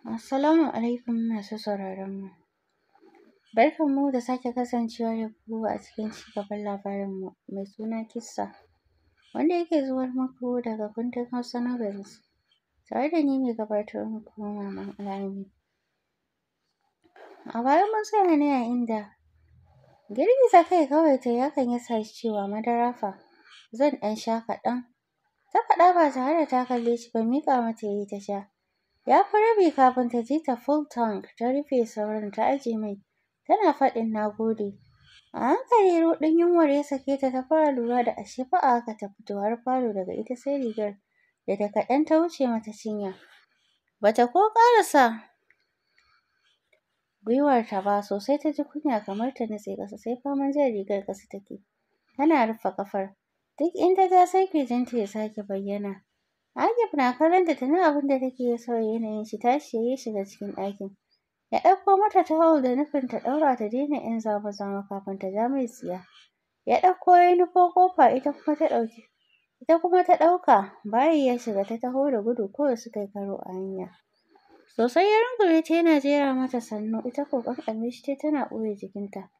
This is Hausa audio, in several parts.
Assalamu alaikum masu sauraron mu. Barkan mu da sake kasancewa da ku a cikin cigaban labarin mu mai suna kissa wanda yake zuwar muku daga kundin Hausa Novels tare da ni mai gabatar muku Maman Al'amin. A baya mun tsaya ne a inda ta kai kawai ta hakan ya sa cewa madara fa zan ɗan sha kaɗan. Ta faɗa ba tare da ta kalle shi ba miƙa mata yayi ta sha. Ya fi rabi kafin ta ji ta full tank ta rufe sauran ta aje mai. Tana faɗin na gode. A hankali rudin yunwar ya sake ta ta fara lura da ashe fa a haka ta fito har falo daga ita sai rigar da ta kaɗan ta wuce mata cinya. Bata ko ƙarasa ta ba sosai ta ji kunya kamar ta nutse ƙasa sai faman jan rigar ƙasa take. Tana rufe ƙafar. Duk inda ta sai kirjinta ya sake bayyana. Agib na kallon ta tana abin da take so yanayin shi tashi ya shiga cikin ɗakin. Ya ɗauko mata tawul da nufin ta ɗaura ta daina ‘yan zama-zama kafin ta ja mai tsiya. Ya ɗauko ya nufo ƙofa ita kuma ta ɗauki ita kuma ta ɗauka bayi ya shiga ta taho da gudu kawai suka yi karo a hanya. Sosai ya rungume ta yana jera mata sannu ita ko ƙanƙame shi ta tana ɓoye jikinta.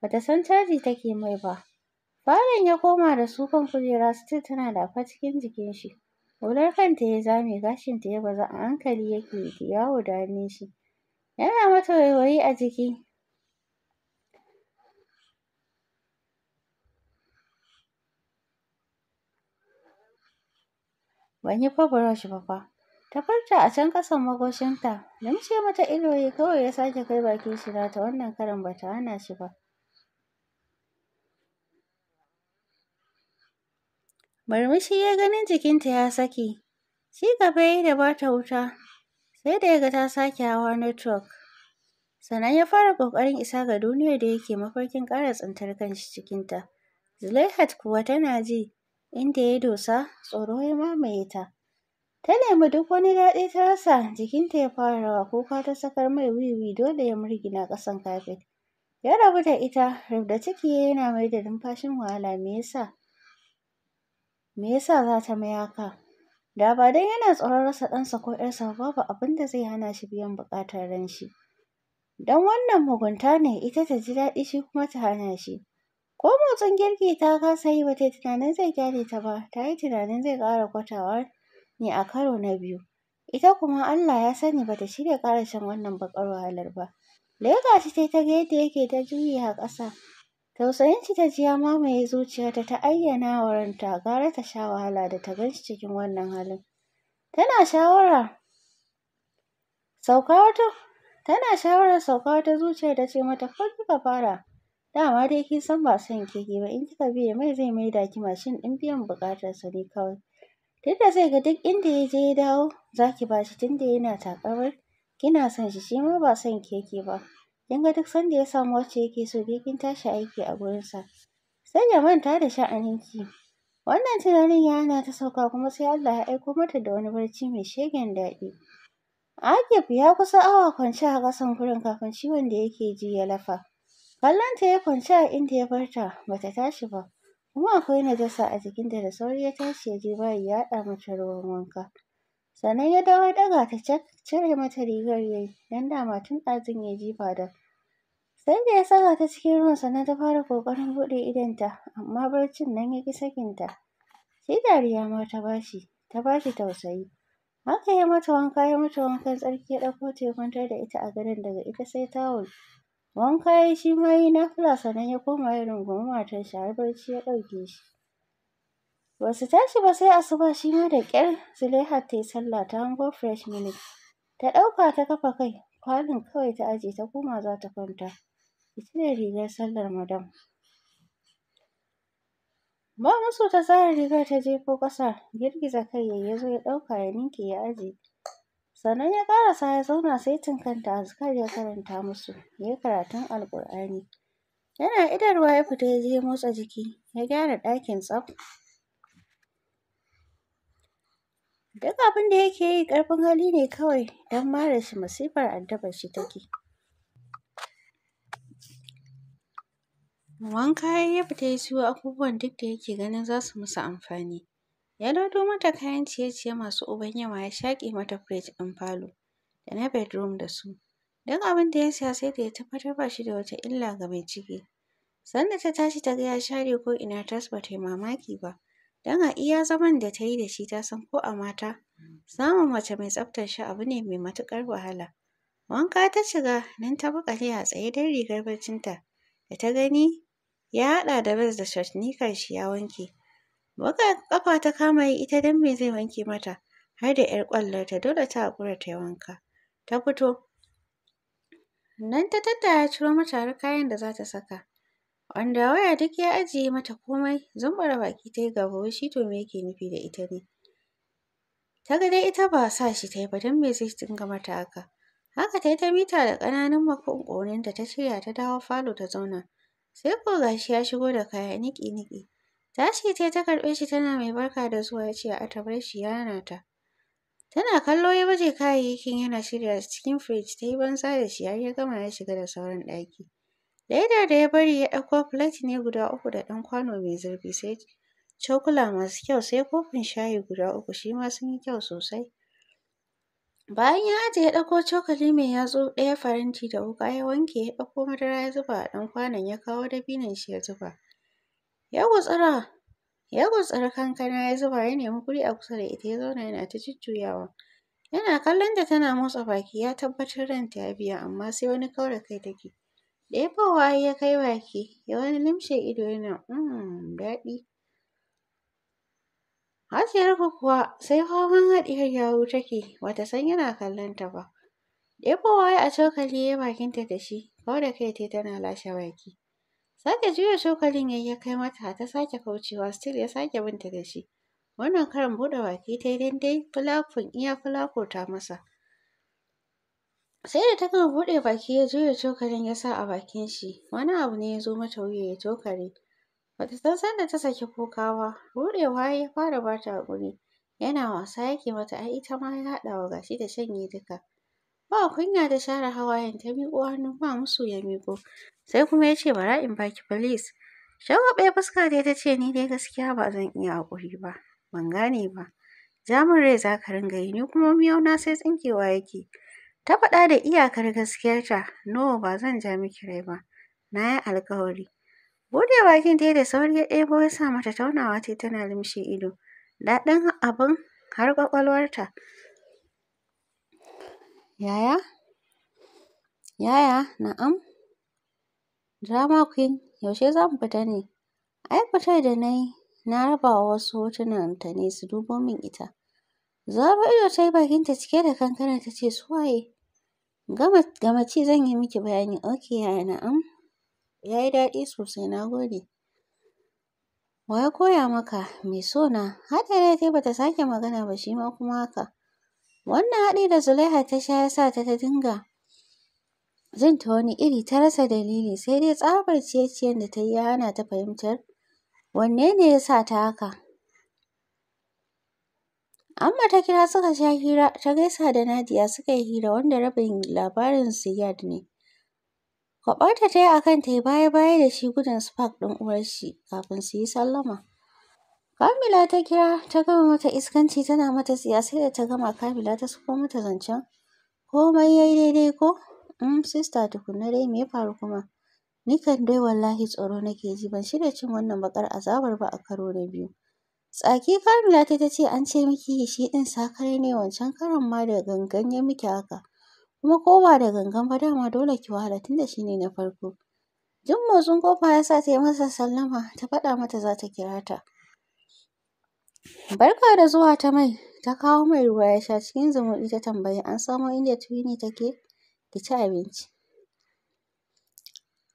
Bata san caji take mai ba. Falon ya koma da sukan kujera still tana dafa cikin jikin shi. Hular kanta ya zame gashinta ya baza a hankali yake yawo da hannun shi. Yana mata waiwaye a jiki. Ban yi fa brush ba fa. Ta farta a can ƙasan magoshinta. Limshe mata ido kawai ya sake kai bakin shi nata wannan karan bata hana shi ba. Murmushi ya ganin jikinta ya saki. Shi gaba ya yi da ba ta wuta, sai da ya ga ta sake hawa network. Sannan ya fara ƙoƙarin isa ga duniyar da yake mafarkin ƙara tsintar shi cikinta. Zulaihat kuwa tana ji, inda ya dosa, tsoro ya mamaye ta. Ta nemi duk wani daɗi ta rasa, jikinta ya fara rawa, kuka ta sakar mai wiwi dole ya murgina ƙasan kafet. Ya rabu da ita, rubda ciki yana mai da numfashin wahala, me yasa? Me yasa za ta maya ka? Da ba dai yana tsoron rasa ɗansa ko ‘yarsa babu abin da zai hana shi biyan buƙatar ran shi. Don wannan mugunta ne ita ta ji daɗi shi kuma ta hana shi. Ko motsin girki ta kasa yi ba ta yi tunanin zai gyare ta ba, ta yi tunanin zai ƙara kwatawa ne a karo na biyu. Ita kuma Allah ya sani ba ta shirya ƙara shan wannan baƙar wahalar ba. ya shi sai ta ga yadda yake ta juyi a ƙasa. tausayin ta ji ya mamaye zuciyarta ta ayyana wa ranta gara ta sha wahala da ta gan cikin wannan halin. Tana shawara sauka wata tana shawarar sauka wata zuciyar ta ce mata ko kika fara dama dai kin san ba son keke ba in kika biya mai zai maida ki mashin ɗin biyan bukatar sa ne kawai. Duk da zai ga duk inda ya je ya dawo zaki ki ba shi tunda yana takarar kina son shi shi ma ba son keke ba. ga duk sanda ya samu wacce yake so bai kin tashi aiki a gurinsa. Sai ya manta da sha'aninki. Wannan tunanin ya hana ta sauka kuma sai Allah ya aiko mata da wani barci mai shegen daɗi. Akif ya kusa awa kwance a ƙasan gurin kafin ciwon da yake ji ya lafa. Kallonta ya kwance a inda ya barta, bata tashi ba. Kuma akwai najasa a jikinta da sauri ya tashi ya je bayi ya haɗa mata ruwan wanka. sannan ya dawo ya ɗaga ta cak cire mata rigar ya yi don dama tun ɗazun ya jifa da sai da ya saka ta cikin ruwan sannan ta fara ƙoƙarin buɗe idonta amma barcin nan ya ƙi sakinta sai dariya ma ta bashi ta bashi tausayi haka ya mata wanka ya mata wankan tsarki ya ɗauko ta ya kwantar da ita a gadon daga ita sai tawul wanka ya yi shi ma ya yi nafila sannan ya koma ya rungumi matarshi har barci ya ɗauke shi Ba su tashi ba sai asuba shi ma da ƙyar Zulaiha ta yi sallah ta hango fresh milk. Ta ɗauka ta kafa kai, kwanon kawai ta aje ta koma za ta kwanta. Ki cire rigar sallar madam. Ba musu ta zare rigar ta jefo ƙasa, girgiza kai yayi ya zo ya ɗauka ya ninki ya aje. Sannan ya ƙarasa ya zauna sai tinkanta azkar ya karanta musu, ya yi karatun Alƙur'ani. Yana idarwa ya fita ya je motsa jiki, ya gyara ɗakin tsaf. Duk abin da yake yi ƙarfin hali ne kawai don mare shi masifar addabar shi take. Wanka ya yi fita ya siyo abubuwan duk da yake ganin za su masa amfani. Ya lodo mata kayan ciye-ciye masu uban yawa ya shaƙe mata firij ɗin falo da na bedroom da su. Duk abin da ya siya sai da ya tabbatar ba shi da wata illa ga mai ciki. Sanda ta tashi ta ga ya share ko'ina tas ba ta yi mamaki ba. Don a iya zaman da tayi da shi ta san ko a mata, samun mace mai tsaftar shi abu ne mai matuƙar wahala. Wanka ta shiga nan ta maƙale a tsaye dan rigar ta da ta gani ya haɗa da bas da shot nikan shi ya wanke. Buga ƙafa ta kama yi ita don me zai wanke mata har da 'yar ta dole ta haƙura tayi wanka. Ta fito. Nan ta tattara ciro mata har kayan da zata saka. Wanda waya duk ya ajiye mata komai, zumbura baki ta yi gaba wai shi to me yake nufi da ita ne. Ta ga dai ita ba sa shi ta yi ba don me zai dinga mata haka. Haka ta yi ta mita da ƙananun maƙonƙoninta ta shirya ta dawo falo ta zauna. Sai ko gashi ya shigo da kaya niƙi-niƙi. Tashi ta ta karɓe shi tana mai barka da zuwa ya ce ata ta bar shi ya na ta. Tana kallo ya baje kayayyakin yana shirya cikin firij ta yi banza da shi har ya gama ya shiga da sauran ɗaki. Ledar da ya bari ya ɗauko plate ne guda uku da ɗan kwano mai zurfi sai cokula masu kyau sai kofin shayi guda uku shi ma sun yi kyau sosai. Bayan ya ajiye ya ɗauko cokali mai yatsu ɗaya faranti da wuƙa ya wanke ya ɗauko madara ya zuba a ɗan kwanon ya kawo dabinon shi ya zuba. Ya gutsura ya kankana ya zuba ya nemi guri a kusa da ita ya zauna yana ta jujjuyawa. Yana kallon ta tana motsa baki ya tabbatar ranta ya biya amma sai wani kaura kai take. da ya kai baki, ya wani nimshe ido yana "mmm, daɗi." ku kuwa sai faman haɗiyar yawu take, ba ta san yana kallonta ba. da ya a cokali ya yi bakinta da shi, kawai da kai tai tana lashe baki. Sake juya cokalin ya yi ya kai mata, ta sake kaucewa still ya sake binta da shi. Wannan karin buɗe waki tai yi daidai fulafun iya fulakurta masa. sai da ta gama buɗe baki ya juya cokalin ya sa a bakin shi wani abu ne ya zo mata wuya ya tokare bata san sanda ta saki kuka ba ruɗewa ya fara bata haƙuri yana wasa yake mata ai ita ma ya haɗawa gashi da shanye duka ba kunya da share hawayen ta miƙo hannu ba musu ya miƙo sai kuma ya ce bara in baki please shagwaɓe fuska dai ta ce ni dai gaskiya ba zan iya haƙuri ba ban gane ba jamun rai za ka ringa yi ni kuma miyau na sai tsinkewa yake Ta faɗa da iyakar gaskiyarta, "No, ba zan ja miki rai ba. Na yi alkawari." Bude bakin ta da sauri ya ɗebo ya sa mata taunawa ta tana lumshe ido. Daɗin abin har ƙwaƙwalwarta. Yaya? Yaya, na'am? Drama Queen, yaushe za mu fita ne? Ai fitar da na yi, na raba wa wasu hotunan ta ne su dubo min ita. Zaro ido ta yi bakinta cike da kankana ta ce, su waye? ci zan yi miki bayani. Ok yaya na'am? yi daɗi sosai na gode. Wa ya koya maka? Mai so na. Haɗe kai bata sake magana ba shi ma kuma haka. Wannan haɗi da Zulaiha ta sha ya sa ta ta dinga jin ta wani iri ta rasa dalili sai dai tsabar ciye-ciyen da ta yi ya hana ta fahimtar wanne ne ya sa ta haka. Amma ta kira suka sha hira, ta gaisa da Nadia suka yi hira wanda rabin labarin Ziyad ne. Kwaɓarta ta yi a kan ta yi baya-baya da shi gudun spark ɗin uwarshi kafin su yi sallama. Kamila ta kira ta gama mata iskanci tana mata siyasa sai da ta gama Kamila ta suko mata zancen. Komai ya yi daidai ko? Um, mm, sista tukunna dai me ya faru kuma? Ni kan dai wallahi tsoro nake ji ban shirya cin wannan bakar azabar ba a karo na biyu. Tsaki Kamila ta ta ce an ce miki shi ɗin sakare ne wancan karon ma da gangan ya miki haka. Kuma ko ba da gangan ba dama dole ki wahala tunda shi ne na farko. Jin motsin kofa ya sa ta yi masa sallama ta faɗa mata za ta kira ta. Barka da zuwa ta mai ta kawo mai ruwa ya sha cikin zumuɗi ta tambayi an samo inda Twinnie take ki ci abinci.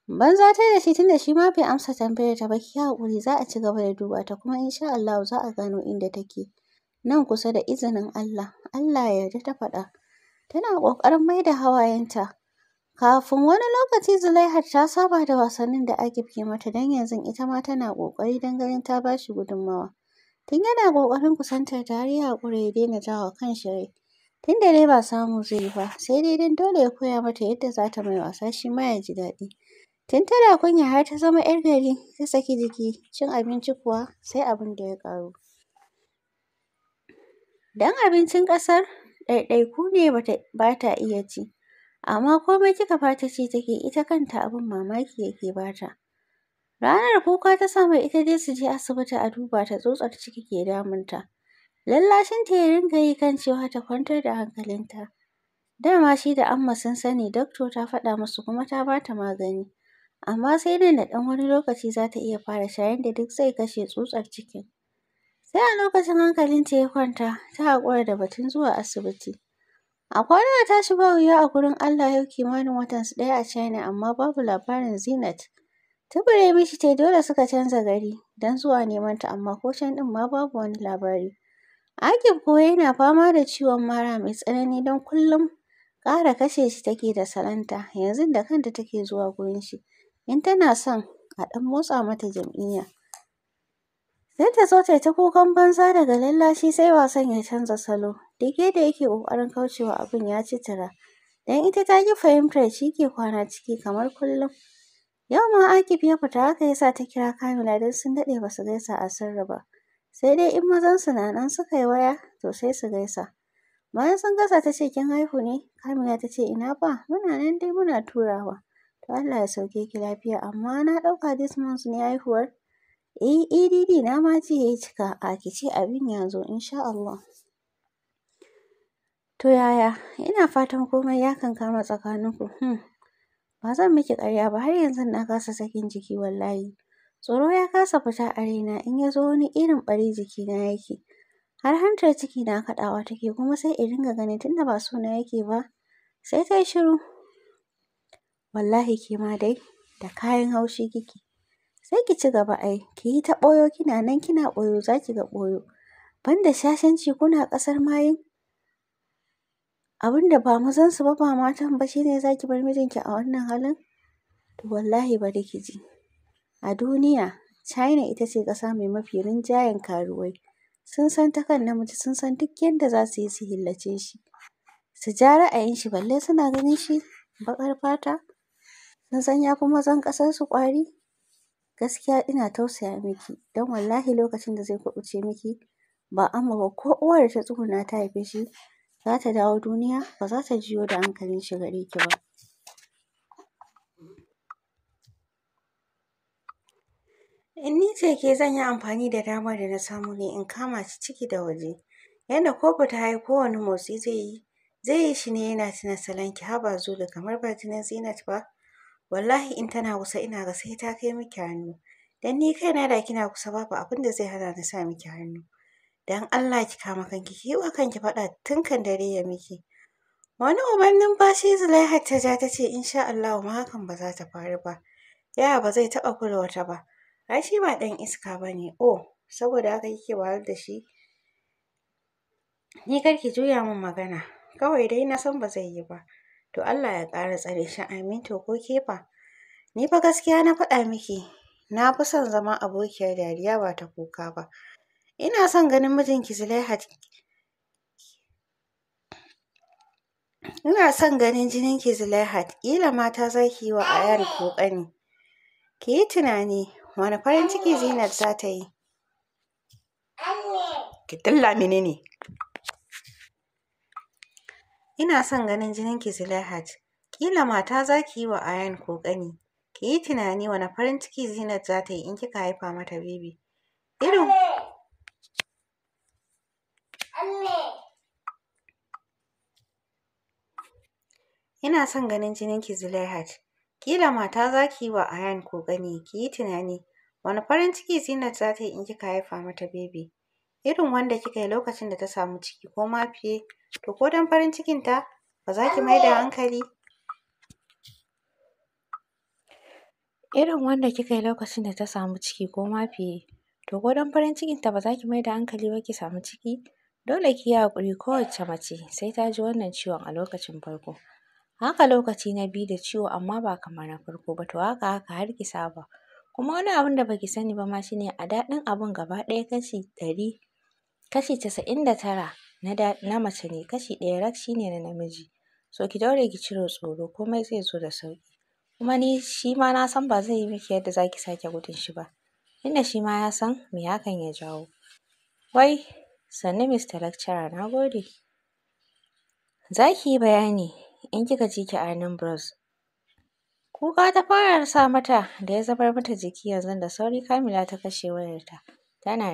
banza ta da shi tunda shi ma bai amsa tambayar ta ba ki hakuri za a ci gaba da duba ta kuma insha Allah za a gano inda take nan kusa da izinin Allah Allah ya yarda ta faɗa tana ƙoƙarin mai da hawayenta kafin wani lokaci Zulaihat ta saba da wasannin da Agib ke mata dan yanzu ita ma tana kokari dan ganin ta ba shi gudunmawa tun yana kokarin kusantar ta har ya haƙura ya daina kan kanshi rai da dai ba samu zai yi ba sai dai dan dole ya koya mata yadda za ta mai wasa shi ma ya ji daɗi Tun tana kunya har ta zama 'yar gari ta saki jiki, cin abinci kuwa sai abin da ya ƙaru. Don abincin ƙasar ɗaiɗaiku ne bata iya ci, amma komai kika fata ce ci take ita kanta abin mamaki yake ba ta. Ranar kuka ta sa mai ita dai su je asibiti a duba ta tsutsar ciki ke damunta. ta ya ringa yi kan cewa ta kwantar da hankalinta. Dama shi da Amma sun sani, dakto ta faɗa musu kuma ta ba ta magani. amma sai nan da ɗan wani lokaci za ta iya fara shayar da duk zai kashe tsutsar cikin. Sai a lokacin hankalinta ya kwanta, ta haƙura da batun zuwa asibiti. A kwana ta tashi ba wuya a gurin Allah yau kimanin watansu ɗaya a China amma babu labarin Zinat. Tubure mishi tai dole suka canza gari don zuwa neman ta amma ko can ɗin ma babu wani labari. Akif kuwa yana fama da ciwon mara mai tsanani don kullum ƙara kashe shi take da salanta, yanzu da kanta take zuwa gurin shi. in tana son a ɗan motsa mata jam'iyya. Sai ta zo ta yi ta kukan banza daga lallashi sai wasan ya canza salo. Duk da yake ƙoƙarin kaucewa abin ya ci tara, Don ita ta ƙi fahimtar shi ke kwana ciki kamar kullum. Yau ma Akif ya fita haka ya sa ta kira Kamila don sun daɗe ba su gaisa a sirri ba. Sai dai in mazan su na nan suka yi waya to sai su gaisa. Bayan sun gasa ta ce kin haihu ne? Kamila ta ce ina ba muna nan dai muna turawa. Allah ya sauke ki lafiya amma na ɗauka this month ne haihuwar. Eh EDD na ma ce ya cika a ki ce abin ya zo insha Allah. To yaya ina fatan komai ya kankama tsakaninku. Hmm. Ba zan miki ƙarya ba har yanzu na kasa sakin jiki wallahi. Tsoro ya kasa fita a raina in ya zo wani irin ɓari na yake. Har hantar ciki na kaɗawa take kuma sai in ringa ganin tunda ba suna yake ba. Sai ta shiru Wallahi ke ma dai da kayan haushi kike. Sai ki ci gaba ai, ki yi ta ɓoyo kina nan kina ɓoyo za ki ga ɓoyo. Banda shashanci kuna ƙasar mayin. ba mu ba su ba ba matan ba shine za ki bar mijinki a wannan halin? To wallahi ba ki ji. A duniya China ita ce kasa mai mafi rinjayen karuwai. Sun san ta kan namiji sun san duk yadda za su yi su hillace shi. Su ja ra'ayin shi balle suna ganin shi baƙar fata. na san ya fi mazan su ƙwari gaskiya ina tausaya miki don wallahi lokacin da zai kuɓuce miki ba amma ba ko uwar ta tsuguna ta haife shi za ta dawo duniya ba za ta jiyo da hankalin shi gare ki ba in ni ce ke zan yi amfani da damar da na samu ne in kama shi ciki da waje yadda ko ba ta haihu kowane motsi zai yi zai yi shi ne yana tuna salon ki haba zulu kamar ba jinin zinat ba wallahi in tana kusa ina ga sai ta kai miki hannu dan ni kaina da kina kusa babu abin da zai hana ni sa miki hannu dan Allah ki kama kanki ki wa kanki faɗa tun kan dare ya miki wani umarnin bashi zulaiha ta ja ta ce insha Allah ma hakan ba za ta faru ba yaya ba zai taɓa kula wata ba ai shi ba dan iska ba ne oh saboda haka kike wahalar da shi ni kar ki juya min magana kawai dai na san ba zai yi ba to Allah ya ƙara tsare shi amin to ko kefa ni fa gaskiya na faɗa miki na fi son zama abokiyar dariya ba ta kuka ba ina son ganin mijinki zulaiha ina son ganin jininki Zulaihat ƙila mata za ki yi wa ayar ko ƙani ki yi tunani wani farin ciki Zinat za ta yi ki dalla mini ne ina son ganin jinin ki Zulaihat. Kila mata za ki yi wa Ayan ko ƙani. Ki yi tunani wani farin ciki Zinat za ta yi in kika haifa mata bibi. Irin Ina son ganin jinin ki Zulaihat. Kila mata za ki yi wa Ayan ko ƙani. Ki yi tunani wani farin ciki Zinat za ta yi in kika haifa mata bibi. Irin wanda kika yi lokacin da ta samu ciki ko ma fiye. to ko don farin cikinta ba za ki mai da hankali irin wanda kika yi lokacin da ta samu ciki ko ma fiye to ko don farin cikinta ba za ki mai da hankali ba ki samu ciki dole ki yi haƙuri kowace mace sai ta ji wannan ciwon a lokacin farko haka lokaci na biyu da ciwo amma ba kamar na farko ba to haka haka har ki saba kuma wani abun da baki sani ba ma shine a daɗin abun gaba ɗaya kashi ɗari kashi casa'in da tara na na mace ne kashi ɗaya rak ne na namiji so ki daure ki cire tsoro komai zai zo da sauƙi kuma ni shi ma na san ba zai yi miki yadda zaki sake gudun shi ba tunda shi ma ya san me hakan ya jawo wai sannu Mr. Lecturer na gode za ki yi bayani in kika ji ki ainihin bros kuka ta fara sa mata da ya zabar mata jiki yanzu da sauri Kamila ta kashe wayarta tana